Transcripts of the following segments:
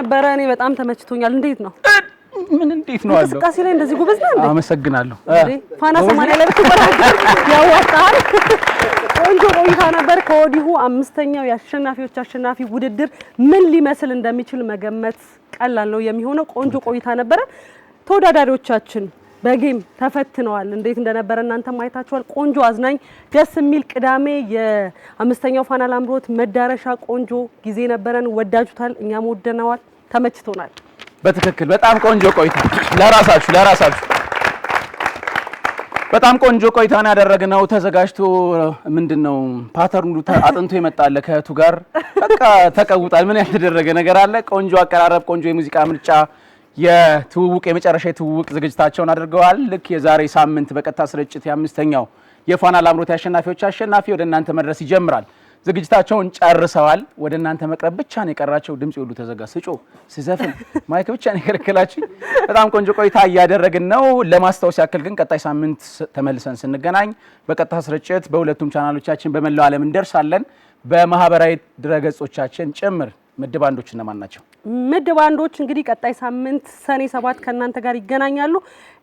ነበረ። እኔ በጣም ተመችቶኛል። እንዴት ነው? ምን እንዴት ነው? እንቅስቃሴ ላይ እንደዚህ ጎበዝ ነህ እንዴ? አመሰግናለሁ። ፋና ሰማንያ ላይ ብትበራገር ያዋጣል። ቆንጆ ቆይታ ነበር። ከወዲሁ አምስተኛው የአሸናፊዎች አሸናፊ ውድድር ምን ሊመስል እንደሚችል መገመት ቀላል ነው የሚሆነው። ቆንጆ ቆይታ ነበረ። ተወዳዳሪዎቻችን በጌም ተፈትነዋል። እንዴት እንደነበረ እናንተ ማየታችኋል። ቆንጆ አዝናኝ፣ ደስ የሚል ቅዳሜ የአምስተኛው ፋና ላምሮት መዳረሻ ቆንጆ ጊዜ ነበረን። ወዳጁታል፣ እኛም ወደነዋል፣ ተመችቶናል። በትክክል በጣም ቆንጆ ቆይታ ለራሳችሁ ለራሳችሁ በጣም ቆንጆ ቆይታን ያደረግነው ተዘጋጅቶ ምንድን ነው ሁሉ አጥንቶ የመጣለ ከእህቱ ጋር በቃ ተቀውጣል። ምን ያልተደረገ ነገር አለ? ቆንጆ አቀራረብ፣ ቆንጆ የሙዚቃ ምርጫ የትውውቅ የመጨረሻ የትውውቅ ዝግጅታቸውን አድርገዋል። ልክ የዛሬ ሳምንት በቀጥታ ስርጭት የአምስተኛው የፋና ላምሮት አሸናፊዎች አሸናፊ ወደ እናንተ መድረስ ይጀምራል። ዝግጅታቸውን ጨርሰዋል። ወደ እናንተ መቅረብ ብቻ ነው የቀራቸው። ድምፅ ሁሉ ተዘጋ። ስጮ ስዘፍን ማይክ ብቻ ነው በጣም ቆንጆ ቆይታ እያደረግን ነው። ለማስታወስ ያክል ግን ቀጣይ ሳምንት ተመልሰን ስንገናኝ በቀጥታ ስርጭት በሁለቱም ቻናሎቻችን በመላው ዓለም እንደርሳለን። በማህበራዊ ድረገጾቻችን ጭምር ምድብ አንዶች እነማን ናቸው? ምድብ አንዶች እንግዲህ ቀጣይ ሳምንት ሰኔ ሰባት ከእናንተ ጋር ይገናኛሉ።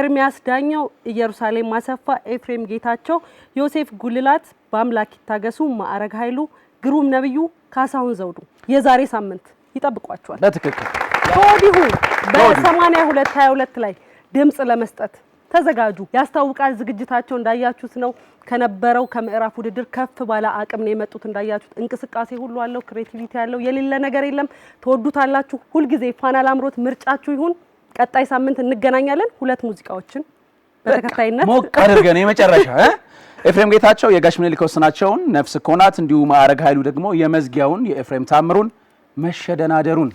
ኤርሚያስ ዳኛው፣ ኢየሩሳሌም ማሰፋ፣ ኤፍሬም ጌታቸው፣ ዮሴፍ ጉልላት፣ በአምላክ ይታገሱ፣ ማዕረግ ኃይሉ፣ ግሩም ነብዩ፣ ካሳሁን ዘውዱ የዛሬ ሳምንት ይጠብቋቸዋል። በትክክል ከወዲሁ በ8222 ላይ ድምፅ ለመስጠት ተዘጋጁ ያስታውቃል። ዝግጅታቸው እንዳያችሁት ነው ከነበረው ከምዕራፍ ውድድር ከፍ ባለ አቅም ነው የመጡት። እንዳያችሁት እንቅስቃሴ ሁሉ አለው፣ ክሬቲቪቲ ያለው የሌለ ነገር የለም። ተወዱታላችሁ። ሁልጊዜ ፋና ላምሮት ምርጫችሁ ይሁን። ቀጣይ ሳምንት እንገናኛለን። ሁለት ሙዚቃዎችን በተከታይነት ሞቅ አድርገን የመጨረሻ ኤፍሬም ጌታቸው የጋሽ ምኒልክ ወስናቸውን ነፍስ ኮናት ናት፣ እንዲሁ ማዕረግ ኃይሉ ደግሞ የመዝጊያውን የኤፍሬም ታምሩን መሸደናደሩን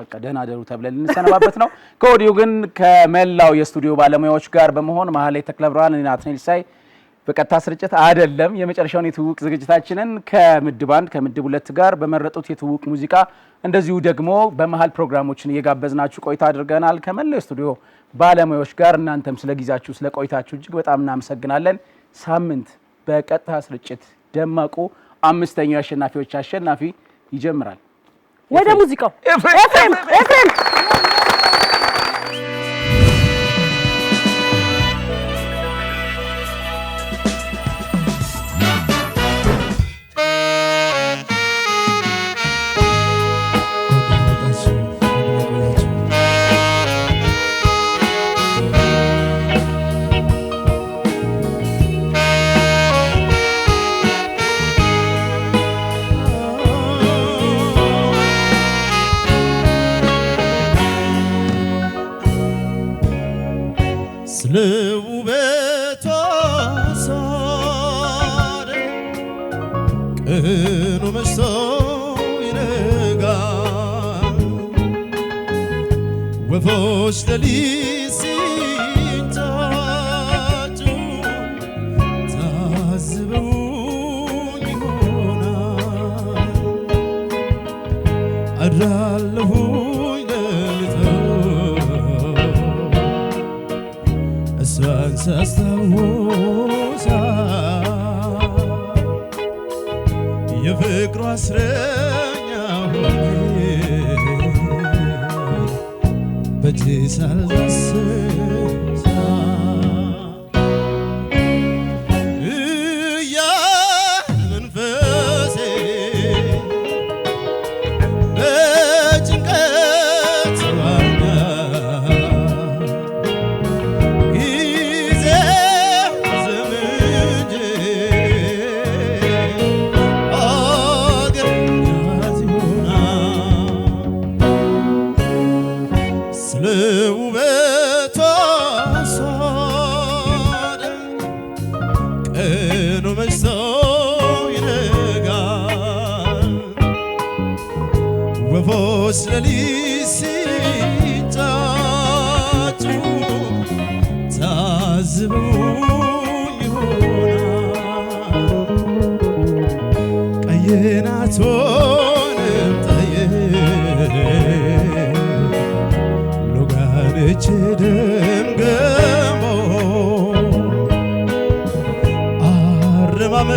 በቃ ደህና ደሩ ተብለን ልንሰነባበት ነው። ከወዲሁ ግን ከመላው የስቱዲዮ ባለሙያዎች ጋር በመሆን መሀሌ ተክለብርሃን፣ አትኔል ሳይ በቀጥታ ስርጭት አይደለም የመጨረሻውን የትውውቅ ዝግጅታችንን ከምድብ አንድ ከምድብ ሁለት ጋር በመረጡት የትውውቅ ሙዚቃ እንደዚሁ ደግሞ በመሀል ፕሮግራሞችን እየጋበዝናችሁ ቆይታ አድርገናል። ከመላው የስቱዲዮ ባለሙያዎች ጋር እናንተም ስለ ጊዜያችሁ ስለ ቆይታችሁ እጅግ በጣም እናመሰግናለን። ሳምንት በቀጥታ ስርጭት ደማቁ አምስተኛው የአሸናፊዎች አሸናፊ ይጀምራል። ወደ ሙዚቃው ኤፍሬም ኤፍሬም Ralhu ሌሊት ሲጫጩ ታዝበውኝ ደምገሞ አረማመ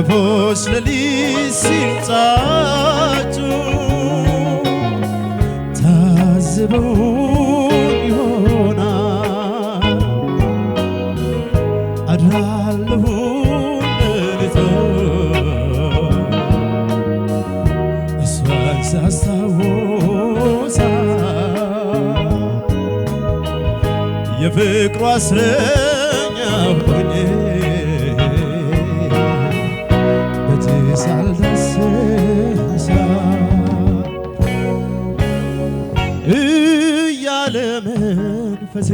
ወፎች ሌሊት ሲንጫጩ ታዝበው ይሆናል አድራለሁ ለሊቶ እሷን ሳስታውሳ የፍቅሯ እስረኛ ሆኜ ሳልደስሳ እያለ መንፈሴ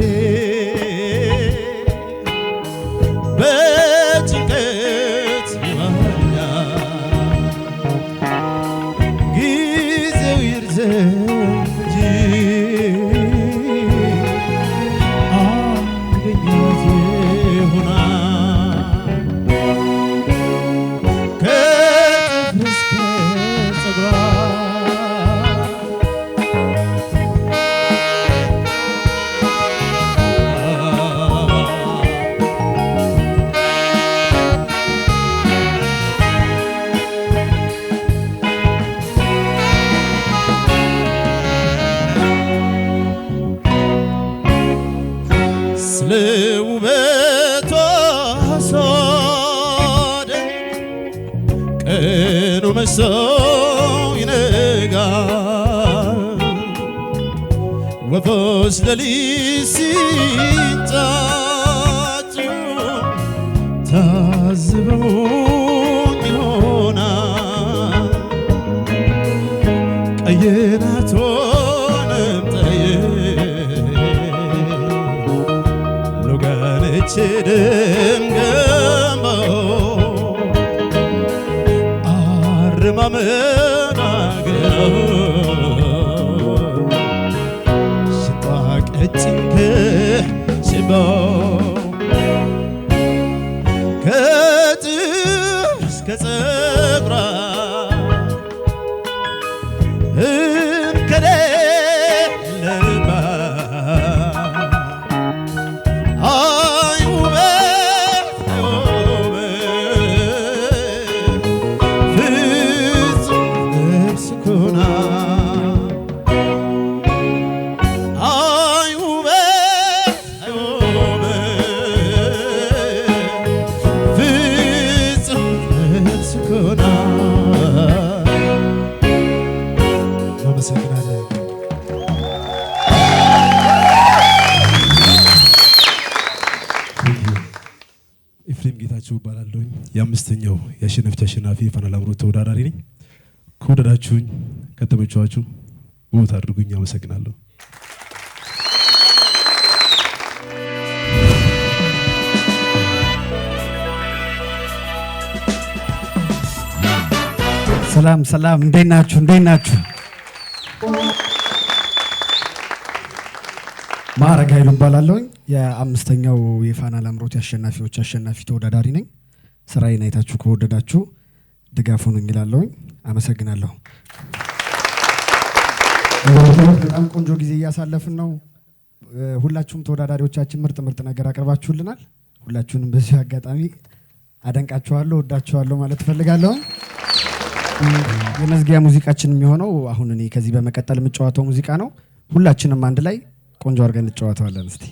ለውበቷ ሳደ ቀኑ መሰው ይነጋል ወፎች ሌሊት ሲንጫጩ ታዝበው ቤትህን ገንባው አርማመና ቀጭንክ ስባው ጌታቸው እባላለሁ። የአምስተኛው የአሸናፊዎች አሸናፊ የፋና ላምሮት ተወዳዳሪ ነኝ። ከወደዳችሁኝ ከተመቻችሁ ቦታ አድርጉኝ። አመሰግናለሁ። ሰላም ሰላም፣ እንዴት ናችሁ? እንዴት ናችሁ? ማዕረግ ኃይሉ እባላለሁኝ የአምስተኛው የፋና ላምሮት የአሸናፊዎች አሸናፊ ተወዳዳሪ ነኝ። ስራዬን አይታችሁ ከወደዳችሁ ድጋፉን እንላለሁኝ። አመሰግናለሁ። በጣም ቆንጆ ጊዜ እያሳለፍን ነው። ሁላችሁም ተወዳዳሪዎቻችን ምርጥ ምርጥ ነገር አቅርባችሁልናል። ሁላችሁንም በዚሁ አጋጣሚ አደንቃችኋለሁ፣ ወዳችኋለሁ ማለት እፈልጋለሁ። የመዝጊያ ሙዚቃችን የሚሆነው አሁን እኔ ከዚህ በመቀጠል የምጫወተው ሙዚቃ ነው። ሁላችንም አንድ ላይ ቆንጆ አድርገን እንጫወተዋለን እስቲ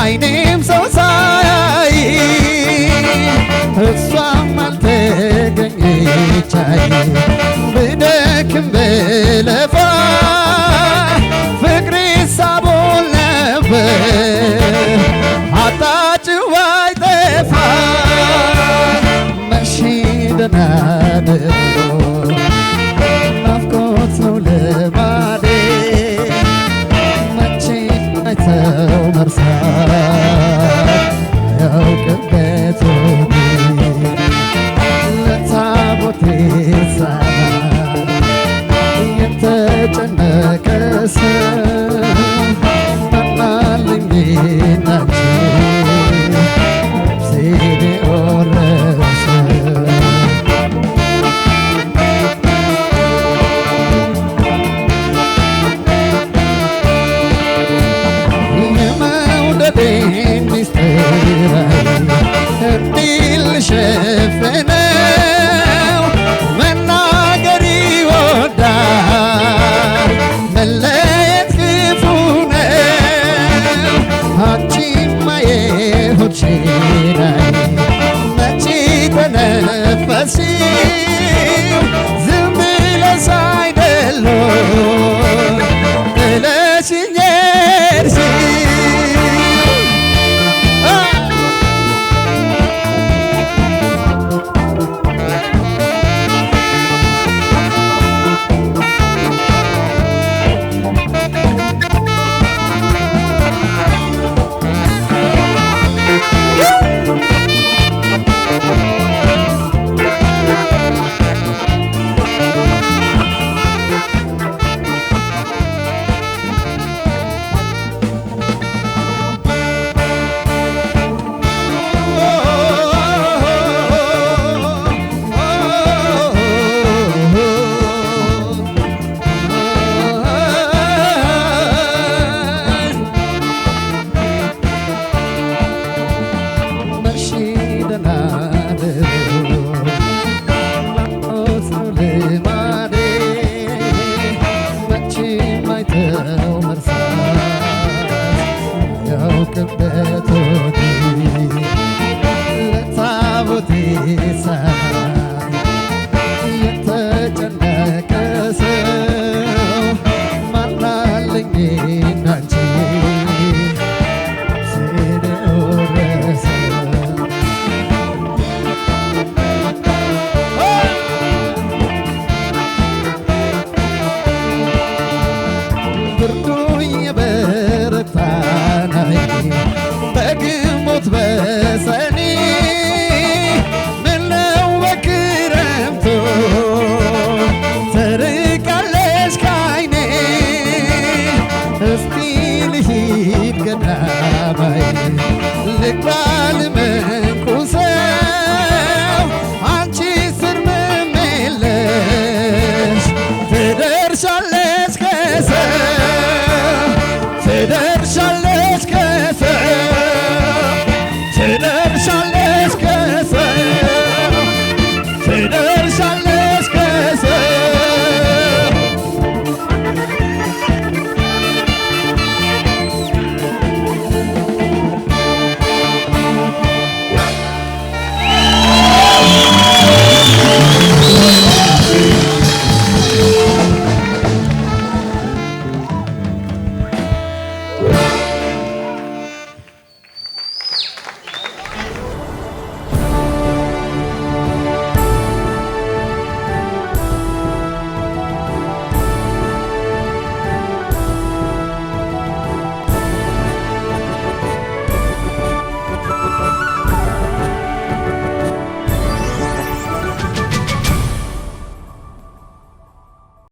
አይኔም ሰው ሳያይ እሷም አልተገኘቻይ ብደክም ብለፋ ፍቅሬ ሳቦል ነበር አጣጭው ባይጠፋ መሺ ዝም ብለስ አይደለም